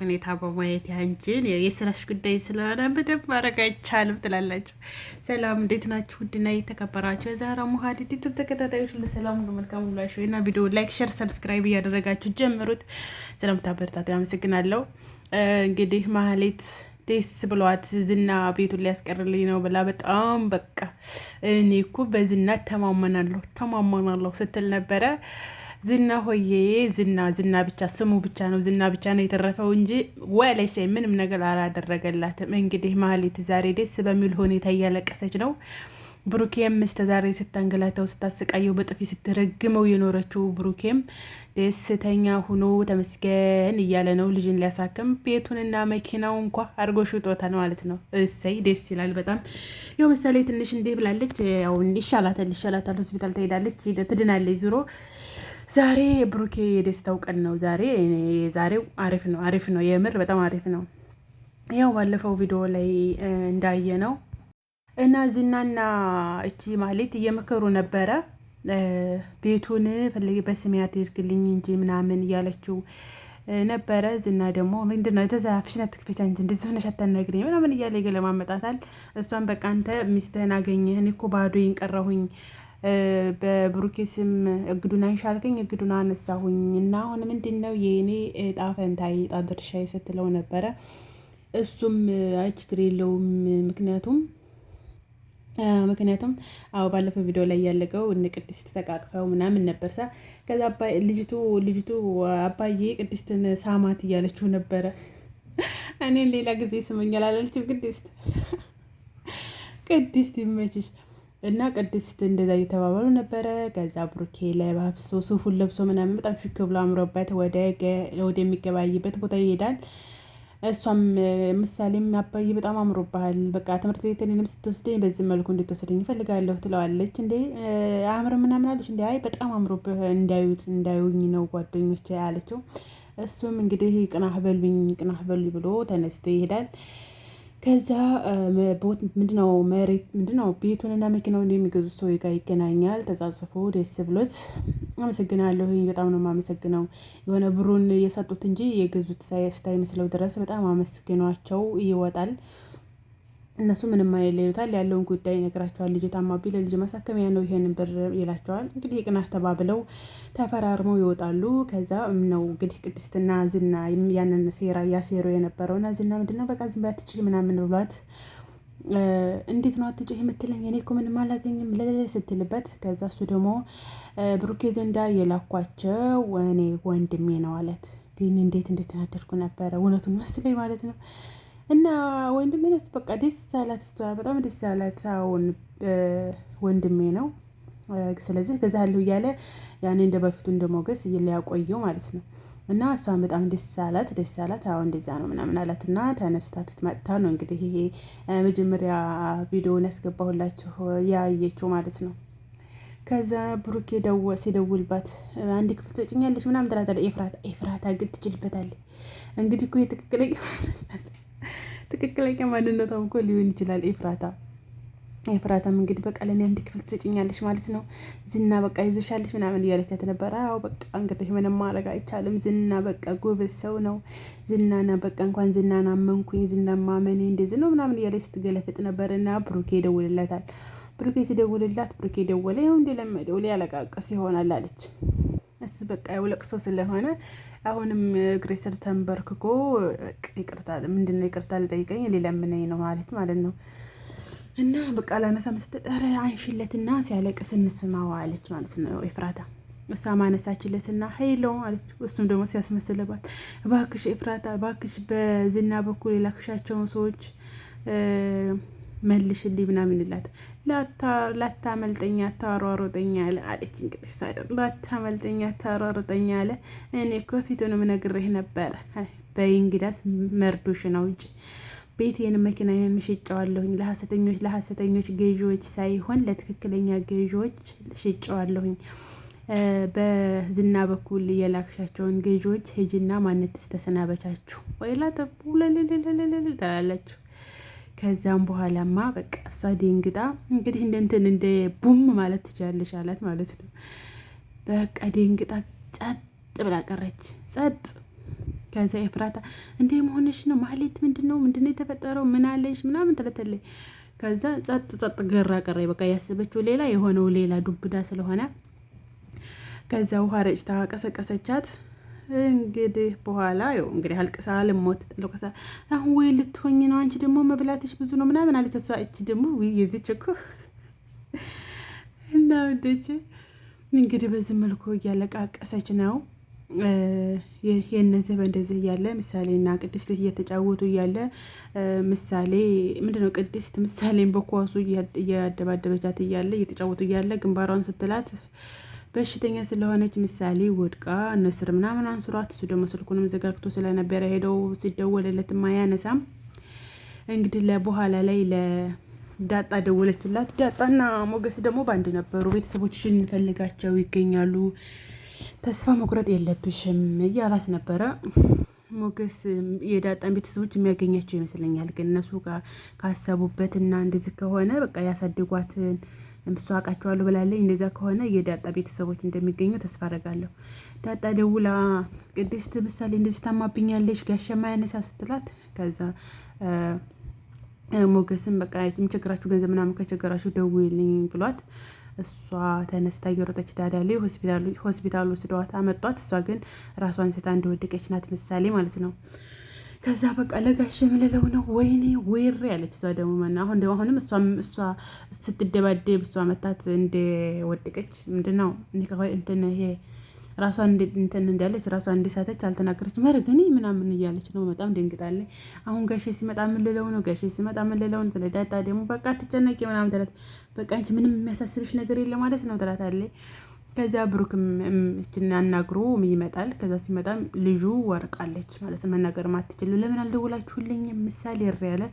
ሁኔታ በማየት ያንችን የስራሽ ጉዳይ ስለሆነ በደንብ ማድረግ አይቻልም ትላላችሁ። ሰላም እንዴት ናችሁ? ውድና የተከበራችሁ የዛራ ሙሀድ ዩቱብ ተከታታዮች ለሰላም ሁሉ መልካም ሁላችሁ እና ቪዲዮ ላይክ፣ ሸር፣ ሰብስክራይብ እያደረጋችሁ ጀምሩት። ስለምታበረታቱ ያመሰግናለሁ። እንግዲህ ማህሌት ደስ ብሏት ዝና ቤቱን ሊያስቀርልኝ ነው ብላ በጣም በቃ እኔ እኮ በዝና ተማመናለሁ ተማመናለሁ ስትል ነበረ ዝና ሆዬ ዝና ዝና ብቻ ስሙ ብቻ ነው ዝና ብቻ ነው የተረፈው እንጂ ወለሸ ምንም ነገር አላደረገላትም። እንግዲህ ማህሌት ዛሬ ደስ በሚል ሁኔታ እያለቀሰች ነው። ብሩኬም እስከ ዛሬ ስታንገላተው ስታሰቃየው በጥፊ ስትረግመው የኖረችው ብሩኬም ደስተኛ ሁኖ ተመስገን እያለ ነው። ልጅን ሊያሳክም ቤቱንና መኪናው እንኳ አድርጎ ሽጦታል ማለት ነው። እሰይ ደስ ይላል በጣም ይኸው ምሳሌ ትንሽ እንዲህ ብላለች። ያው ይሻላታል ይሻላታል ሆስፒታል ትሄዳለች ትድናለች ዙሮ ዛሬ ብሩኬ የደስታው ቀን ነው። ዛሬ ዛሬው አሪፍ ነው፣ አሪፍ ነው፣ የምር በጣም አሪፍ ነው። ያው ባለፈው ቪዲዮ ላይ እንዳየ ነው እና ዝናና እቺ ማለት እየመከሩ ነበረ ቤቱን ፈለጊ በስሜ አድርግልኝ እንጂ ምናምን እያለችው ነበረ። ዝና ደግሞ ምንድነው ነው ተዛፍሽን አትክፈቻ እንጂ እንደዚህ ሆነሽ አታናግሪኝ ምናምን እያለ ገለማመጣታል። እሷን በቃ አንተ ሚስትህን አገኘህ እኔ እኮ ባዶዬን ቀረሁኝ በብሩኬ ስም እግዱን አንሻልከኝ እግዱን አነሳሁኝ እና አሁን ምንድን ነው የእኔ እጣ ፈንታዬ እጣ ድርሻዬ ስትለው ነበረ። እሱም አይ ችግር የለውም ምክንያቱም ምክንያቱም አዎ ባለፈው ቪዲዮ ላይ ያለቀው እነ ቅድስት ተቃቅፈው ምናምን ነበር ሳ ከዛ ልጅቱ ልጅቱ አባዬ ቅድስትን ሳማት እያለችው ነበረ። እኔን ሌላ ጊዜ ስመኛል አላለችም ቅድስት ቅድስት ይመችሽ። እና ቅድስት እንደዛ እየተባበሉ ነበረ። ከዛ ብሩኬ ለባብሶ ሱፉን ለብሶ ምናምን በጣም ሽክ ብሎ አምሮበት ወደሚገባይበት ቦታ ይሄዳል። እሷም ምሳሌም አባዬ በጣም አምሮብሃል፣ በቃ ትምህርት ቤት እኔንም ስትወስደኝ በዚህ መልኩ እንድትወስደኝ ይፈልጋለሁ ትለዋለች። እንዴ አምር ምናምን አለች። እንዴ አይ በጣም አምሮብህ እንዳዩት እንዳዩኝ ነው ጓደኞች አለችው። እሱም እንግዲህ ቅናህ በሉኝ ቅናህ በሉኝ ብሎ ተነስቶ ይሄዳል። ከዛ ምንድነው መሬት ምንድነው ቤቱንና መኪናውን የሚገዙት ሰው ጋር ይገናኛል። ተጻጽፎ ደስ ብሎት አመሰግናለሁ፣ በጣም ነው የማመሰግነው። የሆነ ብሩን የሰጡት እንጂ የገዙት መስለው ድረስ በጣም አመስግኗቸው ይወጣል። እነሱ ምንም አይለ ይሉታል። ያለውን ጉዳይ ነግራቸዋል። ልጅ ታማቢ ለልጅ ማሳከሚያ ነው ይሄንን ብር ይላቸዋል። እንግዲህ ቅናሽ ተባብለው ተፈራርመው ይወጣሉ። ከዛ ነው እንግዲህ ቅድስትና ዝና ያንን ሴራ እያሴሩ የነበረው እና ዝና ምንድነው በቃ ዝም በይ አትችይ ምናምን ብሏት እንዴት ነው አትጮህ የምትለኝ? እኔ እኮ ምንም አላገኝም ለለለ ስትልበት፣ ከዛ እሱ ደግሞ ብሩኬ ዘንዳ የላኳቸው እኔ ወንድሜ ነው አለት። ግን እንዴት እንደተናደድኩ ነበረ እውነቱን መስለኝ ማለት ነው። እና ወንድሜንስ በቃ ደስ አላት። ስቷ በጣም ደስ አላት። አሁን ወንድሜ ነው። ስለዚህ ገዛለሁ እያለ ያኔ እንደ በፊቱ እንደ ሞገስ ሊያቆየው ማለት ነው። እና እሷን በጣም ደስ አላት ደስ አላት። አሁን እንደዛ ነው ምናምን አላት። እና ተነስታ ትመጣ ነው እንግዲህ ይሄ መጀመሪያ ቪዲዮውን ያስገባሁላችሁ ያየችው ማለት ነው። ከዛ ብሩኬ ሲደውልባት አንድ ክፍል ተጭኛለች ምናምን ትላታለች። ኤፍራታ ኤፍራታ ግን ትችልበታለች። እንግዲህ እኮ የትክክለኛ ማለት ትክክለኛ ማንነቷም እኮ ሊሆን ይችላል ኤፍራታ ኤፍራታም እንግዲህ በቃ ለእኔ አንድ ክፍል ትሰጭኛለሽ ማለት ነው ዝና በቃ ይዞሻለሽ ምናምን እያለቻት ነበረ። አዎ በቃ እንግዲህ ምንም ማድረግ አይቻልም። ዝና በቃ ጎበዝ ሰው ነው። ዝናና በቃ እንኳን ዝናና አመንኩኝ ዝና ማመኔ እንደዚህ ነው ምናምን እያለች ስትገለፍጥ ነበር። እና ብሩኬ ይደውልላታል። ብሩኬ ሲደውልላት ብሩኬ ደወለ። ያው እንደለመደው ሊያለቃቅስ ይሆናል አለች። እሱ በቃ ያው ለቅሶ ስለሆነ አሁንም እግሬ ስር ተንበርክኮ ይቅርታ ምንድን ይቅርታ ልጠይቀኝ ሊለምነኝ ነው ማለት ማለት ነው። እና በቃ ላነሳ መሰለኝ ኧረ አንሺለትና ሲያለቅስ እንስማዋ አለች ማለት ነው ኤፍራታ። እሷ ማነሳችለትና ሄሎ አለች። እሱም ደግሞ ሲያስመስልባት ባክሽ ኤፍራታ ባክሽ በዝና በኩል የላክሻቸውን ሰዎች መልሽልኝ ምናምን ይላት። ላታመልጠኛ አታሯሮጠኛ አለ አለች። እንግዲህ ሳደር ላታመልጠኛ አታሯሮጠኛ አለ። እኔ እኮ ፊቱንም ነግሬህ ነበረ። በይ እንግዳስ መርዶሽን አውጪ። ቤቴን መኪና ሽጨዋለሁኝ። ለሀሰተኞች ለሀሰተኞች ገዢዎች ሳይሆን ለትክክለኛ ገዢዎች ሽጨዋለሁኝ። በዝና በኩል የላክሻቸውን ገዢዎች ሂጂና ማነት ስተሰናበቻችሁ ወይላ ተላለችሁ ከዚያም በኋላማ በቃ እሷ ደንግጣ እንግዲህ እንደንትን እንደ ቡም ማለት ትችላለች አላት ማለት ነው። በቃ ደንግጣ ጸጥ ብላ ቀረች። ጸጥ ከዚያ የፍራታ እንደ መሆንሽ ነው ማህሌት፣ ምንድን ነው ምንድን ነው የተፈጠረው? ምን ምናምን ትለተለይ ከዛ ጸጥ ጸጥ ገራ ቀረ። በቃ ያሰበችው ሌላ የሆነው ሌላ ዱብዳ ስለሆነ ከዚያ ውሃ ረጭታ ቀሰቀሰቻት። እንግዲህ በኋላ ው እንግዲህ አልቅሳ ልሞት ለቅሳ አሁን ወይ ልትሆኝ ነው አንቺ ደግሞ መብላትሽ ብዙ ነው ምናምን አለች። እሷ እቺ ደግሞ የዚች እኮ እና ወደች እንግዲህ በዚህ መልኩ እያለቃቀሰች ነው የእነዚህ በእንደዚህ እያለ ምሳሌ ምሳሌና ቅድስት እየተጫወቱ እያለ ምሳሌ ምንድነው ቅድስት ምሳሌን በኳሱ እያደባደበቻት እያለ እየተጫወቱ እያለ ግንባሯን ስትላት በሽተኛ ስለሆነች ምሳሌ ወድቃ ነስር ምናምን አንስሯት፣ እሱ ደግሞ ስልኩንም ዘጋግቶ ስለነበረ ሄደው ሲደወልለት አያነሳም። እንግዲህ ለበኋላ ላይ ዳጣ ደወለችላት። ዳጣና ሞገስ ደግሞ ባንድ ነበሩ። ቤተሰቦችሽን እንፈልጋቸው ይገኛሉ፣ ተስፋ መቁረጥ የለብሽም እያላት ነበረ። ሞገስ የዳጣን ቤተሰቦች የሚያገኛቸው ይመስለኛል። ግን እነሱ ካሰቡበት እና እንደዚህ ከሆነ በቃ ያሳድጓትን እሷ አውቃቸዋለሁ ብላለኝ። እንደዛ ከሆነ የዳጣ ቤተሰቦች እንደሚገኙ ተስፋ አደርጋለሁ። ዳጣ ደውላ ቅድስት ምሳሌ እንደዚህ ታማብኛለች ጋሸማ ያነሳ ስትላት ከዛ ሞገስን በቃ ችግራችሁ ገንዘብ ምናምን ከቸገራችሁ ደውልኝ ብሏት እሷ ተነስታ እየሮጠች ላይ ሆስፒታል ወስደዋት አመጧት። እሷ ግን ራሷን ስታ እንደወደቀች ናት ምሳሌ ማለት ነው። ከዛ በቃ ለጋሽ የምልለው ነው ወይኔ ወይር ያለች እሷ ደግሞ መና አሁን አሁንም እሷ ስትደባደብ እሷ መታት እንደወደቀች ምንድነው እንትን ይሄ ራሷ እንትን እንዳለች ራሷ እንዲሳተች አልተናገረች። ኧረ ግን ምናምን እያለች ነው። በጣም ደንግጣለች። አሁን ጋሼ ሲመጣ ምልለው ነው ጋሼ ሲመጣ ምልለው ነው ትለዳጣ ደግሞ በቃ ትጨነቂ ምናምን ትላት። በቃ አንቺ ምንም የሚያሳስብሽ ነገር የለ ማለት ነው ትላታለች። ከዚያ ብሩክ እችን አናግሮ ይመጣል። ከዛ ሲመጣ ልጁ ወርቃለች ማለት መናገር ማትችል ለምን አልደውላችሁልኝ ምሳሌ ያለ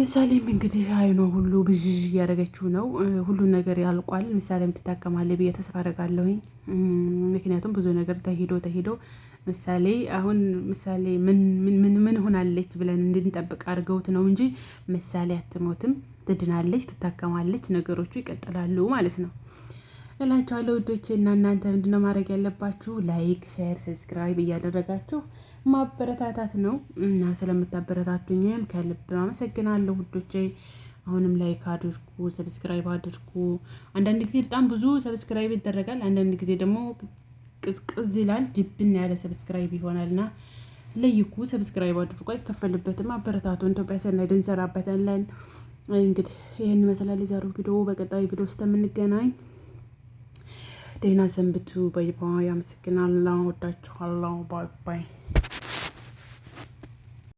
ምሳሌም እንግዲህ አይኗ ሁሉ ብዥዥ እያደረገችው ነው። ሁሉን ነገር ያልቋል። ምሳሌም ትታከማለች ብዬ ተስፋ አደርጋለሁኝ። ምክንያቱም ብዙ ነገር ተሄዶ ተሄዶ ምሳሌ አሁን ምሳሌ ምን ሆናለች ብለን እንድንጠብቅ አድርገውት ነው እንጂ ምሳሌ አትሞትም፣ ትድናለች፣ ትታከማለች። ነገሮቹ ይቀጥላሉ ማለት ነው እላቸዋለሁ ውዶቼ። እና እናንተ ምንድነው ማድረግ ያለባችሁ? ላይክ፣ ሼር፣ ሰብስክራይብ እያደረጋችሁ ማበረታታት ነው እና ስለምታበረታቱኝም ከልብ አመሰግናለሁ ውዶቼ። አሁንም ላይክ አድርጉ፣ ሰብስክራይብ አድርጉ። አንዳንድ ጊዜ በጣም ብዙ ሰብስክራይብ ይደረጋል፣ አንዳንድ ጊዜ ደግሞ ቅዝቅዝ ይላል፣ ድብን ያለ ሰብስክራይብ ይሆናል ይሆናልና ለይኩ ሰብስክራይብ አድርጎ አይከፈልበትም። አበረታቱ ኢትዮጵያ ሰናይ ድንሰራበታለን። እንግዲህ ይህን ይመስላል የዛሬው ቪዲዮ። በቀጣይ ቪዲዮ እስከምንገናኝ ደህና ሰንብቱ። ባይ ባይ። አመሰግናለሁ። ወዳችኋለሁ። ባይ ባይ።